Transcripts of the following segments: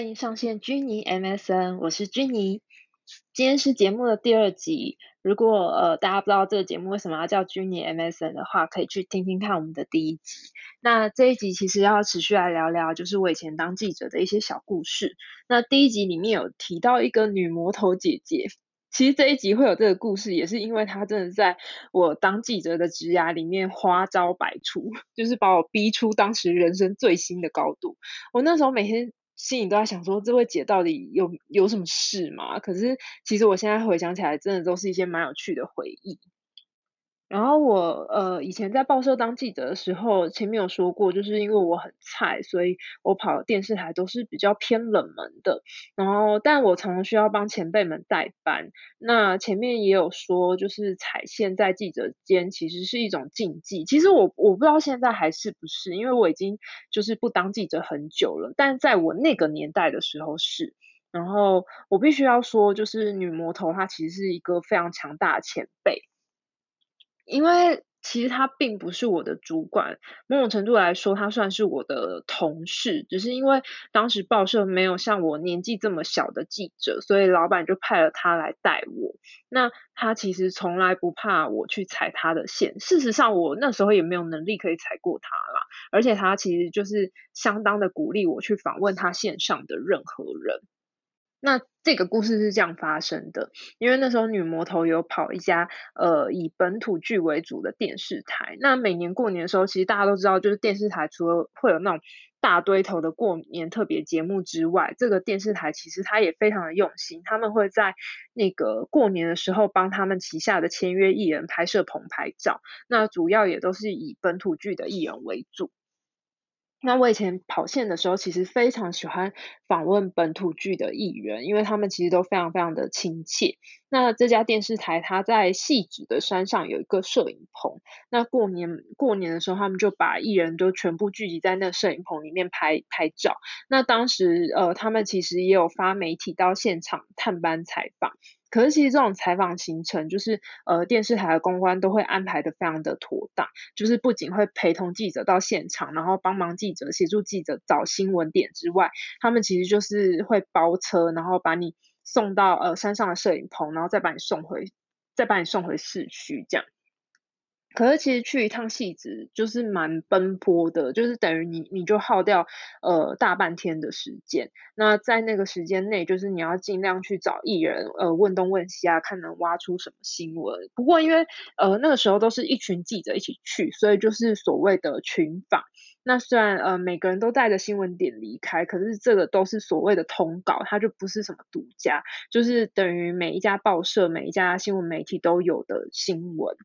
歡迎上線君尼 MSN，我是君尼。今天是節目的第二集。如果呃大家不知道這個節目為什麼要叫君尼 MSN 的話，可以去聽聽看我們的第一集。那這一集其實要持續來聊聊，就是我以前當記者的一些小故事。那第一集裡面有提到一個女魔頭姐姐，其實這一集會有這個故事，也是因為她真的在我當記者的職涯裡面花招百出，就是把我逼出當時人生最新的高度。我那時候每天，心裡都在想說，這位姐到底有有什麼事嗎？可是其實我現在回想起來，真的都是一些蠻有趣的回憶。然後我呃以前在報社當記者的時候，前面有說過，就是因為我很菜，所以我跑電視台都是比較偏冷門的。然後但我常常需要幫前輩們代班。那前面也有說，就是踩線在記者間其實是一種禁忌。其實我我不知道現在還是不是，因為我已經就是不當記者很久了。但在我那個年代的時候是。然後我必須要說，就是女魔頭她其實是一個非常強大的前輩。因為其實他並不是我的主管，某種程度來說，他算是我的同事。只是因為當時報社沒有像我年紀這麼小的記者，所以老闆就派了他來帶我。那他其實從來不怕我去踩他的線，事實上我那時候也沒有能力可以踩過他啦，而且他其實就是相當的鼓勵我去訪問他線上的任何人。那這個故事是這樣發生的，因為那時候女魔頭有跑一家呃以本土劇為主的電視台。那每年過年的時候，其實大家都知道，就是電視台除了會有那種大堆頭的過年特別節目之外，這個電視台其實它也非常的用心，他們會在那個過年的時候幫他們旗下的簽約藝人拍攝棚拍照。那主要也都是以本土劇的藝人為主。那我以前跑線的時候，其實非常喜歡訪問本土劇的藝人，因為他們其實都非常非常的親切。那這家電視台，它在汐止的山上有一個攝影棚。那過年過年的時候，他們就把藝人都全部聚集在那攝影棚裡面拍拍照。那當時，呃，他們其實也有發媒體到現場探班採訪。可是其實這種採訪行程，就是呃電視台的公關都會安排得非常的妥當，就是不僅會陪同記者到現場，然後幫忙記者、協助記者找新聞點之外，他們其實就是會包車，然後把你送到呃山上的攝影棚，然後再把你送回，再把你送回市區這樣。可是其實去一趟戲子就是蠻奔波的，就是等於你你就耗掉呃大半天的時間。那在那個時間內，就是你要盡量去找藝人呃問東問西啊，看能挖出什麼新聞。不過因為呃那個時候都是一群記者一起去，所以就是所謂的群訪。那雖然呃每個人都帶着新聞點離開，可是這個都是所謂的通稿，它就不是什麼獨家，就是等於每一家報社、每一家新聞媒體都有的新聞。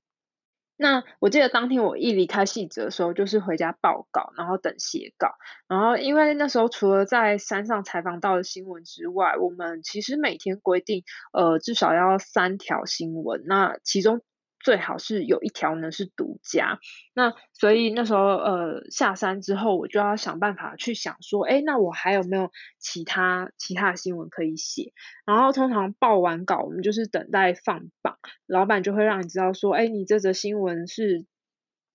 那我記得當天我一離開記者的時候，就是回家報告，然後等寫稿。然後因為那時候除了在山上採訪到的新聞之外，我們其實每天規定，呃，至少要三條新聞。那其中，最好是有一條呢是獨家，那所以那時候呃下山之後，我就要想辦法去想說，欸，那我還有沒有其他其他的新聞可以寫？然後通常報完稿，我們就是等待放榜，老板就會讓你知道說，欸，你這則新聞是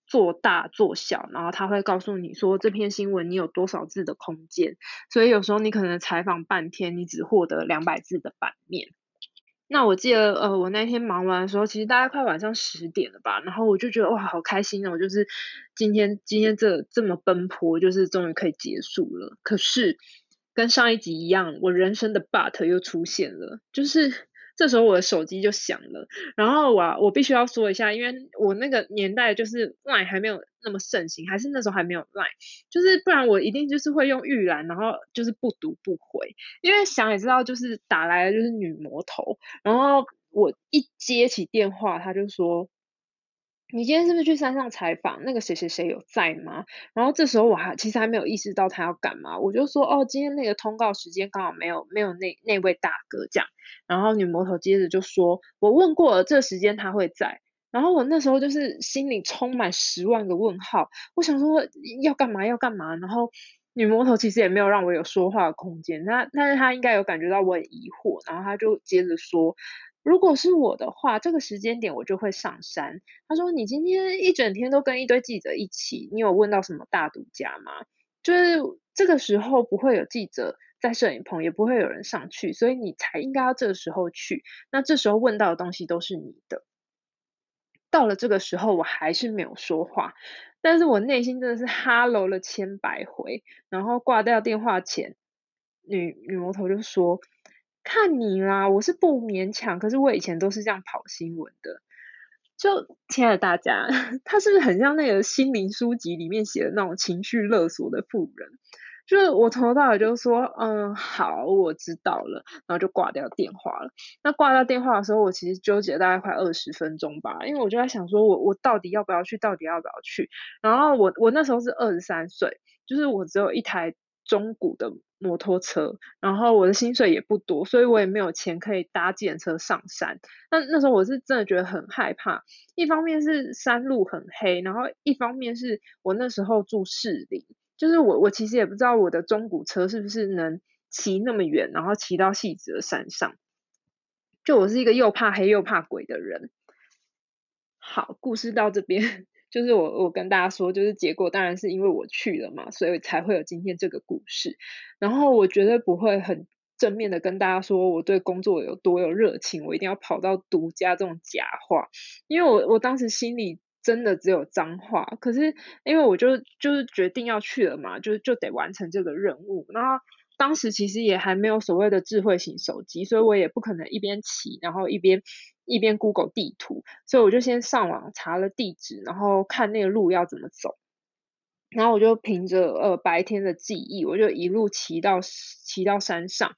做大做小，然後他會告訴你說這篇新聞你有多少字的空間。所以有時候你可能採訪半天，你只獲得兩百字的版面。那我記得，呃，我那天忙完的時候，其實大概快晚上十點了吧。然後我就覺得，哇，好開心啊，哦！我就是今天今天這這麼奔波，就是終於可以結束了。可是跟上一集一樣，我人生的 but 又出現了，就是。這時候我的手機就響了，然後我、啊、我必須要說一下，因為我那個年代就是 LINE 還沒有那麼盛行，還是那時候還沒有 LINE，就是不然我一定就是會用預覽，然後就是不讀不回，因為想也知道就是打來的就是女魔頭，然後我一接起電話他就說。你今天是不是去山上採訪？那個誰誰誰有在嗎？然後這時候我還其實還沒有意識到他要幹嘛，我就說哦，今天那個通告時間剛好沒有沒有那那位大哥這樣。然後女魔頭接着就說，我問過了，這時間他會在。然後我那時候就是心裡充滿十萬個問號，我想說要幹嘛要幹嘛。然後女魔頭其實也沒有讓我有說話的空間，那但是她應該有感覺到我很疑惑，然後她就接着說。如果是我的話，這個時間點我就會上山。他說：“你今天一整天都跟一堆記者一起，你有問到什麼大獨家嗎？就是這個時候不會有記者在攝影棚，也不會有人上去，所以你才應該要這個時候去。那這時候問到的東西都是你的。到了這個時候，我還是沒有說話，但是我內心真的是哈嘍了千百回。然後掛掉電話前，女女魔頭就說。”看你啦，我是不勉強，可是我以前都是這樣跑新聞的。就親愛的大家，他是不是很像那個心靈書籍裡面寫的那種情緒勒索的婦人？就是我從頭到尾就說，嗯，好，我知道了，然後就掛掉電話了。那掛掉電話的時候，我其實糾結了大概快二十分鐘吧，因為我就在想說我我到底要不要去，到底要不要去。然後我我那時候是二十三歲，就是我只有一台中古的，摩托車，然後我的薪水也不多，所以我也沒有錢可以搭計程車上山。那那時候我是真的覺得很害怕，一方面是山路很黑，然後一方面是我那時候住士林，就是我我其實也不知道我的中古車是不是能騎那麼遠，然後騎到汐止的山上。就我是一個又怕黑又怕鬼的人。好，故事到這邊。就是我，我跟大家說，就是結果當然是因為我去了嘛，所以才會有今天這個故事。然後我絕對不會很正面的跟大家說我對工作有多有熱情，我一定要跑到獨家這種假話，因為我我當時心裡真的只有髒話。可是因為我就就是決定要去了嘛，就就得完成這個任務。然後當時其實也還沒有所謂的智慧型手機，所以我也不可能一邊騎然後一邊。一邊 Google 地圖，所以我就先上網查了地址，然後看那個路要怎麼走，然後我就憑着呃白天的記憶，我就一路騎到騎到山上，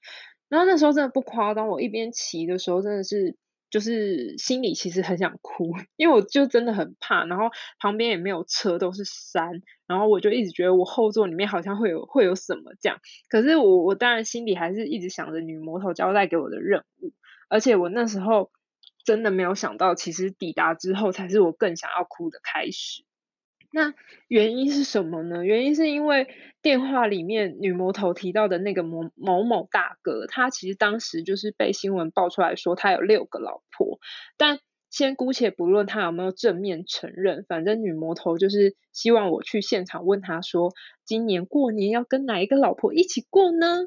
然後那時候真的不誇張，我一邊騎的時候真的是就是心裡其實很想哭，因為我就真的很怕，然後旁邊也沒有車，都是山，然後我就一直覺得我後座裡面好像會有會有什麼這樣，可是我我當然心裡還是一直想着女魔頭交代給我的任務，而且我那時候。真的沒有想到，其實抵達之後才是我更想要哭的開始。那原因是什麼呢？原因是因為電話裡面女魔頭提到的那個某某某大哥，他其實當時就是被新聞爆出來說他有六個老婆，但。先姑且不論他有沒有正面承認，反正女魔頭就是希望我去現場問他說：“今年過年要跟哪一個老婆一起過呢？”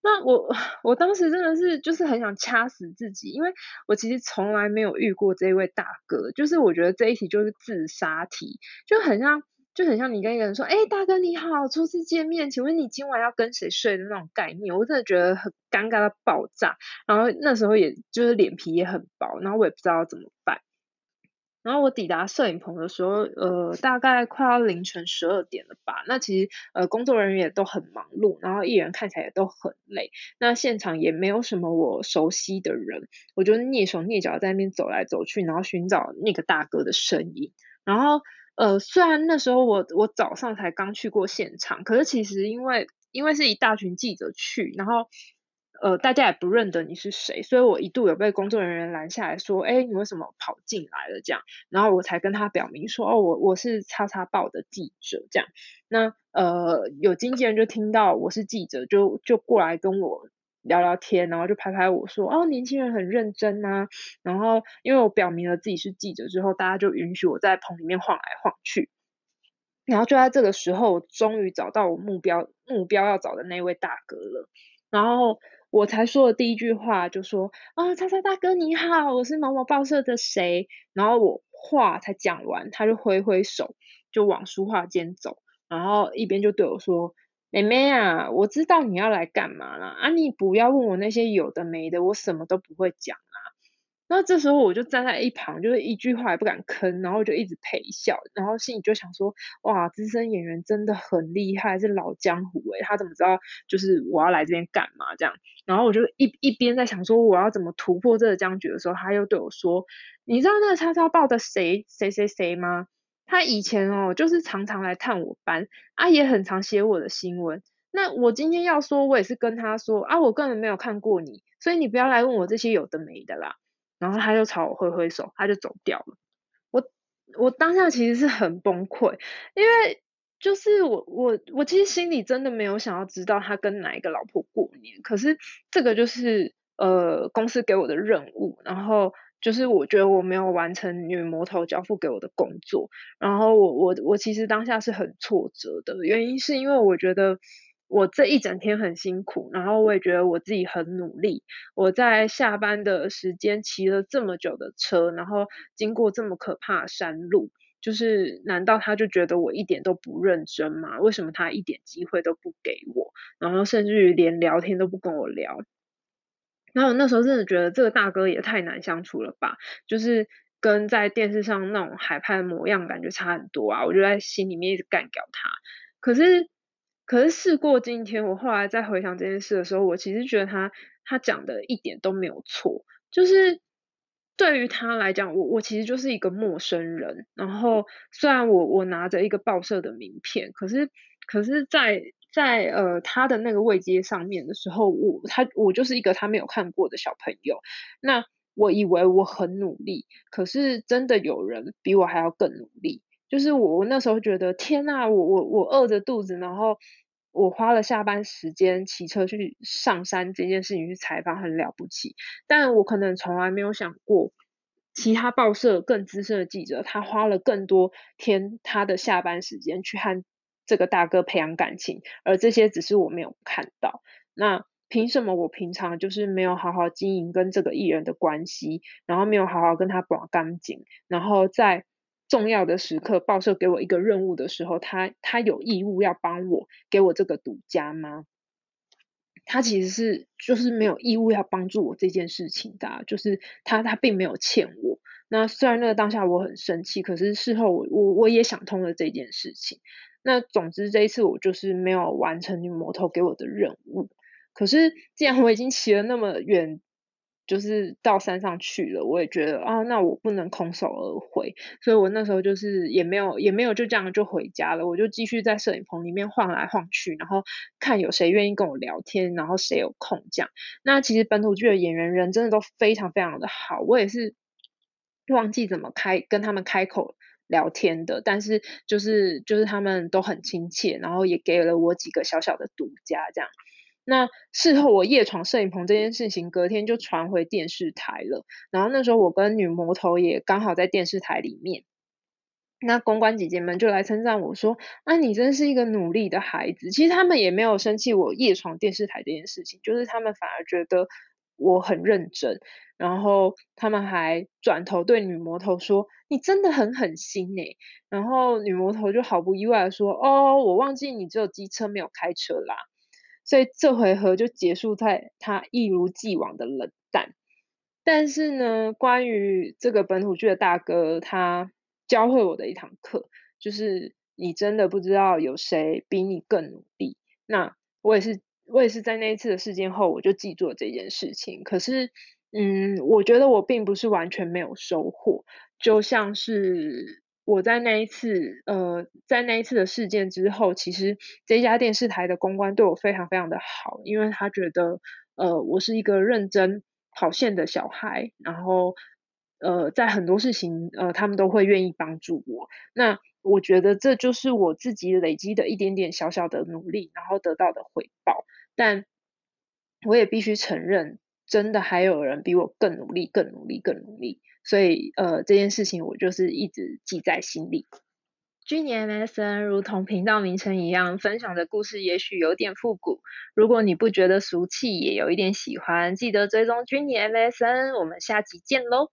那我我當時真的是就是很想掐死自己，因為我其實從來沒有遇過這一位大哥，就是我覺得這一題就是自殺題，就很像。就很像你跟一個人說：“哎、欸，大哥你好，初次見面，請問你今晚要跟誰睡的那種概念。”我真的覺得很尷尬到爆炸。然後那時候也就是臉皮也很薄，然後我也不知道怎麼辦。然後我抵達攝影棚的時候，呃，大概快要凌晨十二點了吧。那其實呃工作人員也都很忙碌，然後藝人看起來也都很累。那現場也沒有什麼我熟悉的人，我就躡手躡腳在那邊走來走去，然後尋找那個大哥的身影，然後。呃，雖然那時候我我早上才剛去過現場，可是其實因為因為是一大群記者去，然後呃大家也不認得你是誰，所以我一度有被工作人員攔下來說：“哎、欸，你為什麼跑進來了？”這樣，然後我才跟他表明說：“哦，我我是叉叉報的記者。”這樣，那呃有經紀人就聽到我是記者，就就過來跟我。聊聊天，然後就拍拍我說：“哦，年輕人很認真啊。”然後因為我表明了自己是記者之後，大家就允許我在棚裡面晃來晃去。然後就在這個時候，我終於找到我目標目標要找的那位大哥了。然後我才說的第一句話就說：“啊、哦，叉叉大哥你好，我是某某報社的誰。”然後我話才講完，他就揮揮手，就往書畫間走，然後一邊就對我說。妹妹啊，我知道你要來幹嘛啦啊！你不要問我那些有的沒的，我什麼都不會講啦。那這時候我就站在一旁，就是一句話也不敢吭，然後我就一直陪笑，然後心裡就想說：哇，資深演員真的很厲害，是老江湖誒、欸，他怎麼知道就是我要來這邊幹嘛這樣？然後我就一一邊在想說我要怎麼突破這個僵局的時候，他又對我說：你知道那個叉叉抱的誰誰,誰誰誰嗎？他以前哦，就是常常來探我班，啊，也很常寫我的新聞。那我今天要說，我也是跟他說啊，我根本沒有看過你，所以你不要來問我這些有的沒的啦。然後他就朝我揮揮手，他就走掉了。我我當下其實是很崩潰，因為就是我我我其實心裡真的沒有想要知道他跟哪一個老婆過年，可是這個就是呃公司給我的任務，然後。就是我覺得我沒有完成女魔頭交付給我的工作，然後我我我其實當下是很挫折的，原因是因為我覺得我這一整天很辛苦，然後我也覺得我自己很努力，我在下班的時間騎了這麼久的車，然後經過這麼可怕的山路，就是難道他就覺得我一點都不認真嗎？為什麼他一點機會都不給我，然後甚至於連聊天都不跟我聊？然後我那時候真的覺得這個大哥也太難相處了吧，就是跟在電視上那種海派模樣感覺差很多啊，我就在心裡面一直幹掉他。可是，可是事過今天，我後來再回想這件事的時候，我其實覺得他他講的一點都沒有錯，就是對於他來講，我我其實就是一個陌生人。然後雖然我我拿着一個報社的名片，可是可是在。在呃，他的那個位階上面的時候，我他我就是一個他沒有看過的小朋友。那我以為我很努力，可是真的有人比我還要更努力。就是我我那時候覺得天吶、啊、我我我餓着肚子，然後我花了下班時間騎車去上山這件事情去採訪，很了不起。但我可能從來沒有想過，其他報社更資深的記者，他花了更多天他的下班時間去和。這個大哥培養感情，而這些只是我沒有看到。那憑什麼我平常就是沒有好好經營跟這個藝人的關係，然後沒有好好跟他綁乾淨，然後在重要的時刻，報社給我一個任務的時候，他他有義務要幫我給我這個獨家嗎？他其實是就是沒有義務要幫助我這件事情的，就是他他並沒有欠我。那雖然那個當下我很生氣，可是事後我我我也想通了這件事情。那總之，這一次我就是沒有完成女魔頭給我的任務。可是既然我已經騎了那麼遠，就是到山上去了，我也覺得啊，那我不能空手而回，所以我那時候就是也沒有也沒有就這樣就回家了，我就繼續在攝影棚裡面晃來晃去，然後看有誰願意跟我聊天，然後誰有空這樣。那其實本土劇的演員人真的都非常非常的好，我也是忘記怎麼開，跟他們開口。聊天的，但是就是就是他們都很親切，然後也給了我幾個小小的獨家這樣。那事後我夜闖攝影棚這件事情，隔天就傳回電視台了。然後那時候我跟女魔頭也剛好在電視台裡面，那公關姐姐們就來稱讚我說：“啊，你真是一個努力的孩子。”其實他們也沒有生氣我夜闖電視台這件事情，就是他們反而覺得。我很認真，然後他們還轉頭對女魔頭說：“你真的很狠心哎、欸。”然後女魔頭就毫不意外說：“哦，我忘記你只有機車沒有開車啦。”所以這回合就結束在她一如既往的冷淡。但是呢，關於這個本土劇的大哥，他教會我的一堂課就是：你真的不知道有誰比你更努力。那我也是。我也是在那一次的事件後，我就記住了這件事情。可是，嗯，我覺得我並不是完全沒有收穫。就像是我在那一次，呃，在那一次的事件之後，其實這家電視台的公關對我非常非常的好，因為他覺得，呃，我是一個認真跑線的小孩，然後，呃，在很多事情，呃，他們都會願意幫助我。那我覺得這就是我自己累積的一點點小小的努力，然後得到的回報。但我也必須承認，真的還有人比我更努力、更努力、更努力。所以，呃，這件事情我就是一直記在心裡。軍爺 MSN 如同頻道名稱一樣，分享的故事也許有點復古。如果你不覺得俗氣，也有一點喜歡，記得追蹤軍爺 MSN。我們下集見嘍。